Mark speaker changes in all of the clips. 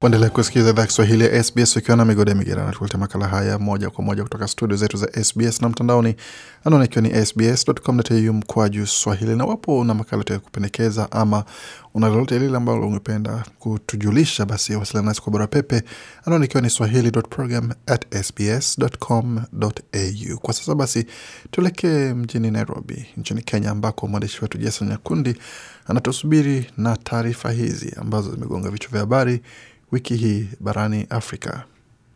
Speaker 1: Kuendelea kusikiliza idhaa Kiswahili ya SBS ukiwa na migode ya migerana, tukulete makala haya moja kwa moja kutoka studio zetu za SBS na mtandaoni, anaonekiwa ikiwa ni sbs.com.au mkwaju swahili. Na wapo na makala ya kupendekeza ama una lolote lile ambalo ungependa kutujulisha, basi wasiliana nasi kwa barua pepe, anwani ikiwa ni swahili.program@sbs.com.au. Kwa sasa basi tuelekee mjini Nairobi nchini Kenya, ambako mwandishi wetu Jason Nyakundi anatusubiri na taarifa hizi ambazo zimegonga vichwa vya habari wiki hii barani Afrika.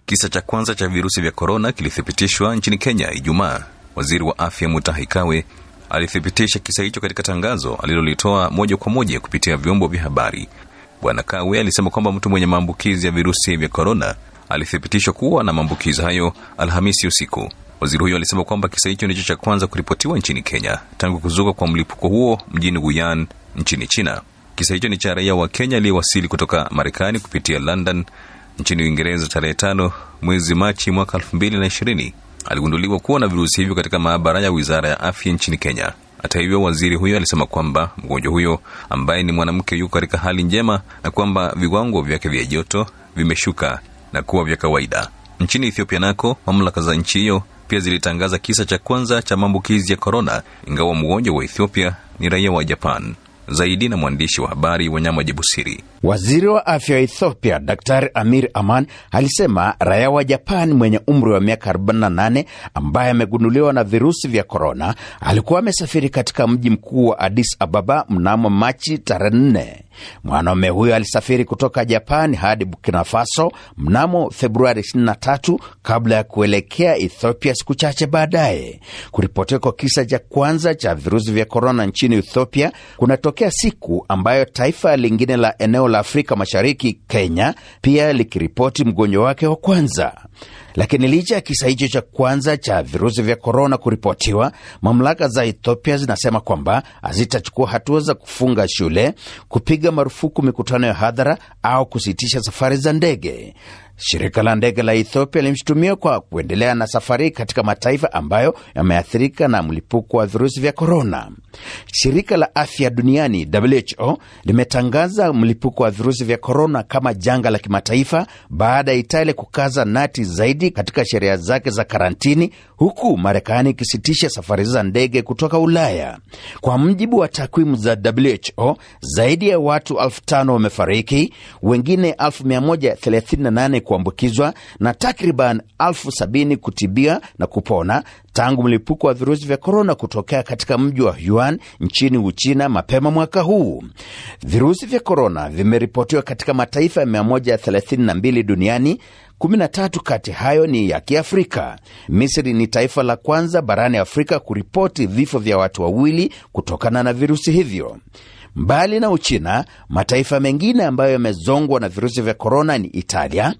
Speaker 2: Kisa cha kwanza cha virusi vya korona kilithibitishwa nchini Kenya Ijumaa. Waziri wa afya Mutahi Kagwe alithibitisha kisa hicho katika tangazo alilolitoa moja kwa moja kupitia vyombo vya habari. Bwana Kagwe alisema kwamba mtu mwenye maambukizi ya virusi vya korona alithibitishwa kuwa na maambukizi hayo Alhamisi usiku. Waziri huyo alisema kwamba kisa hicho ndicho cha kwanza kuripotiwa nchini Kenya tangu kuzuka kwa mlipuko huo mjini Wuhan nchini China. Kisa hicho ni cha raia wa Kenya aliyewasili kutoka Marekani kupitia London nchini Uingereza tarehe tano mwezi Machi mwaka elfu mbili na ishirini. Aligunduliwa kuwa na virusi hivyo katika maabara ya wizara ya afya nchini Kenya. Hata hivyo, waziri huyo alisema kwamba mgonjwa huyo ambaye ni mwanamke yuko katika hali njema na kwamba viwango vyake vya joto vimeshuka na kuwa vya kawaida. Nchini Ethiopia nako mamlaka za nchi hiyo pia zilitangaza kisa cha kwanza cha maambukizi ya korona, ingawa mgonjwa wa Ethiopia ni raia wa Japan zaidi na mwandishi wa habari Wanyama Jebusiri.
Speaker 3: Waziri wa afya wa Ethiopia Daktari Amir Aman alisema raia wa Japan mwenye umri wa miaka 48 ambaye amegunduliwa na virusi vya korona alikuwa amesafiri katika mji mkuu wa Addis Ababa mnamo Machi tarehe 4. Mwanaume huyo alisafiri kutoka Japan hadi Burkina Faso mnamo Februari 23 kabla ya kuelekea Ethiopia siku chache baadaye. Kuripotiwa kwa kisa cha ja kwanza cha virusi vya korona nchini Ethiopia kunatokea siku ambayo taifa lingine la eneo la Afrika Mashariki, Kenya, pia likiripoti mgonjwa wake wa kwanza. Lakini licha ya kisa hicho cha kwanza cha virusi vya korona kuripotiwa, mamlaka za Ethiopia zinasema kwamba hazitachukua hatua za kufunga shule, kupiga marufuku mikutano ya hadhara au kusitisha safari za ndege. Shirika la ndege la Ethiopia limshutumia kwa kuendelea na safari katika mataifa ambayo yameathirika na mlipuko wa virusi vya korona. Shirika la afya duniani WHO limetangaza mlipuko wa virusi vya korona kama janga la kimataifa baada ya Italia kukaza nati zaidi katika sheria zake za karantini, huku Marekani ikisitisha safari za ndege kutoka Ulaya. Kwa mjibu wa takwimu za WHO, zaidi ya watu elfu tano wamefariki, wengine elfu kuambukizwa na takriban elfu sabini kutibia na kupona tangu mlipuko wa virusi vya korona kutokea katika mji wa Yuan nchini Uchina mapema mwaka huu. Virusi vya korona vimeripotiwa katika mataifa 132 duniani, 13 kati hayo ni ya Kiafrika. Misri ni taifa la kwanza barani Afrika kuripoti vifo vya watu wawili kutokana na virusi hivyo. Mbali na Uchina, mataifa mengine ambayo yamezongwa na virusi vya korona ni Italia,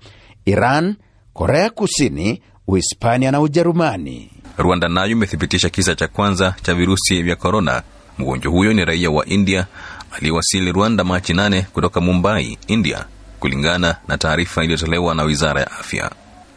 Speaker 3: Iran, Korea Kusini, Uhispania na Ujerumani.
Speaker 2: Rwanda nayo imethibitisha kisa cha kwanza cha virusi vya korona. Mgonjwa huyo ni raia wa India aliyewasili Rwanda Machi nane kutoka Mumbai, India, kulingana na taarifa iliyotolewa na wizara ya afya.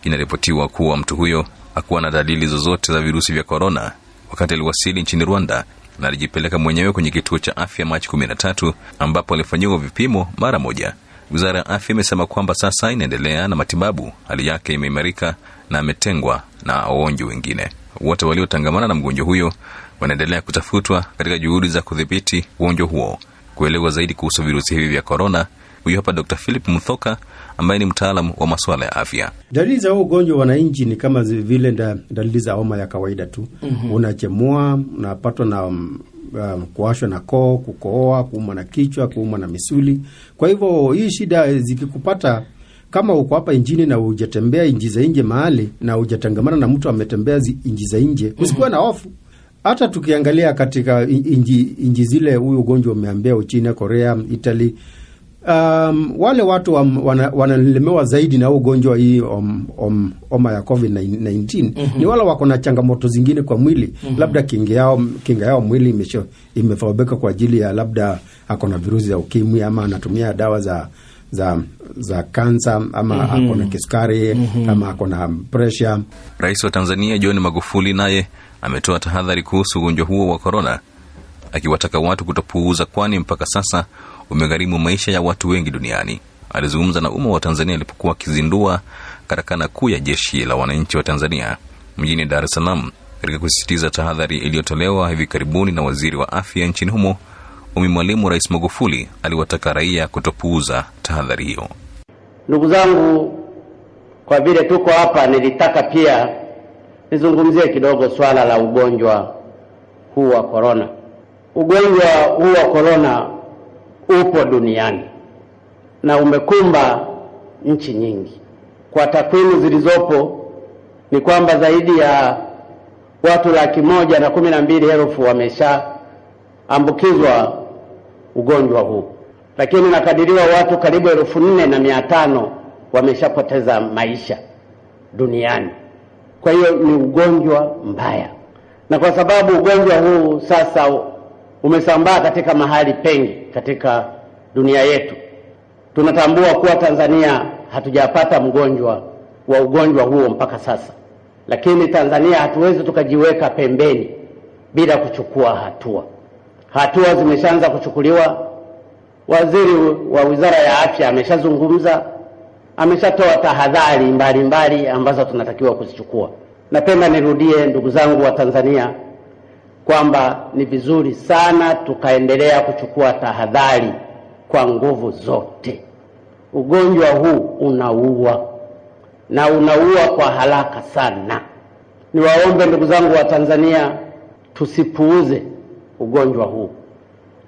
Speaker 2: Inaripotiwa kuwa mtu huyo hakuwa na dalili zozote za virusi vya korona wakati aliwasili nchini Rwanda na alijipeleka mwenyewe kwenye kituo cha afya Machi 13 ambapo alifanyiwa vipimo mara moja. Wizara ya afya imesema kwamba sasa inaendelea na matibabu, hali yake imeimarika na ametengwa na wagonjwa wengine. Wote waliotangamana na mgonjwa huyo wanaendelea kutafutwa katika juhudi za kudhibiti ugonjwa huo. Kuelewa zaidi kuhusu virusi hivi vya korona, huyu hapa Dr Philip Muthoka ambaye ni mtaalam wa masuala ya afya.
Speaker 4: Dalili za huo ugonjwa wananchi ni kama vile dalili za homa ya kawaida tu. mm -hmm. Unachemua, unapatwa na mm, um, kuashwa na koo, kukooa kuumwa na kichwa, kuumwa na misuli. Kwa hivyo hii shida zikikupata kama uko hapa injini na hujatembea inji za nje mahali na hujatangamana na mtu ametembea inji za nje, mhm. usikuwe na hofu. Hata tukiangalia katika inji, inji zile huyu ugonjwa umeambia Uchina, Korea, Italy Um, wale watu wanalemewa wana zaidi na ugonjwa hii om, om, oma ya COVID-19 mm -hmm. Ni wale wako na changamoto zingine kwa mwili mm -hmm. Labda kinga yao, kinga yao mwili imefabeka kwa ajili ya labda ako na virusi za ukimwi ama anatumia dawa za za za kansa ama mm -hmm. ako na kisukari mm -hmm. ama ako na presha.
Speaker 2: Rais wa Tanzania John Magufuli naye ametoa tahadhari kuhusu ugonjwa huo wa korona, akiwataka watu kutopuuza, kwani mpaka sasa umegharimu maisha ya watu wengi duniani. Alizungumza na umma wa Tanzania alipokuwa akizindua karakana kuu ya jeshi la wananchi wa Tanzania mjini Dar es Salaam, katika kusisitiza tahadhari iliyotolewa hivi karibuni na waziri wa afya nchini humo Umi Mwalimu. Rais Magufuli aliwataka raia kutopuuza tahadhari hiyo.
Speaker 5: Ndugu zangu, kwa vile tuko hapa, nilitaka pia nizungumzie kidogo swala la ugonjwa huu wa korona. Ugonjwa huu wa korona upo duniani na umekumba nchi nyingi. Kwa takwimu zilizopo ni kwamba zaidi ya watu laki moja na kumi na mbili elfu wameshaambukizwa ugonjwa huu, lakini nakadiriwa watu karibu elfu nne na mia tano wameshapoteza maisha duniani. Kwa hiyo ni ugonjwa mbaya, na kwa sababu ugonjwa huu sasa umesambaa katika mahali pengi katika dunia yetu. Tunatambua kuwa Tanzania hatujapata mgonjwa wa ugonjwa huo mpaka sasa, lakini Tanzania hatuwezi tukajiweka pembeni bila kuchukua hatua. Hatua zimeshaanza kuchukuliwa. Waziri wa Wizara ya Afya ameshazungumza, ameshatoa tahadhari mbalimbali ambazo tunatakiwa kuzichukua. Napenda nirudie, ndugu zangu wa Tanzania, kwamba ni vizuri sana tukaendelea kuchukua tahadhari kwa nguvu zote. Ugonjwa huu unaua na unaua kwa haraka sana. Niwaombe ndugu zangu wa Tanzania, tusipuuze ugonjwa huu,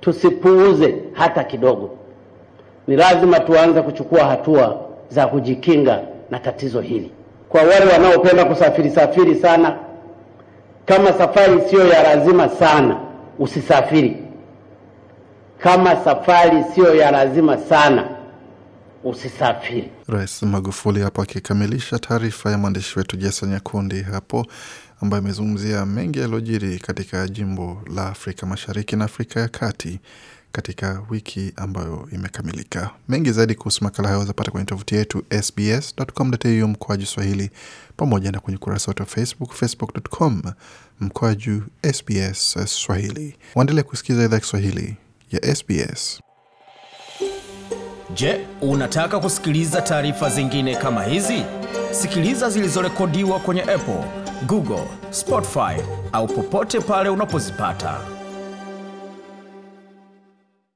Speaker 5: tusipuuze hata kidogo. Ni lazima tuanze kuchukua hatua za kujikinga na tatizo hili. Kwa wale wanaopenda kusafiri safiri sana kama safari sio ya lazima sana, usisafiri. Kama safari sio ya lazima sana, usisafiri.
Speaker 1: Rais Magufuli hapo akikamilisha taarifa ya mwandishi wetu Jason Nyakundi hapo ambayo imezungumzia mengi yaliyojiri katika jimbo la Afrika Mashariki na Afrika ya Kati katika wiki ambayo imekamilika. Mengi zaidi kuhusu makala hayo wazapata kwenye tovuti yetu sbs.com.au mkoaju swahili pamoja na kwenye ukurasa wetu wa Facebook, facebook.com mkoaju sbs swahili. waendelee kusikiliza idhaa Kiswahili ya SBS.
Speaker 3: Je, unataka kusikiliza taarifa zingine kama hizi? Sikiliza zilizorekodiwa kwenye Apple, Google, Spotify au popote pale unapozipata.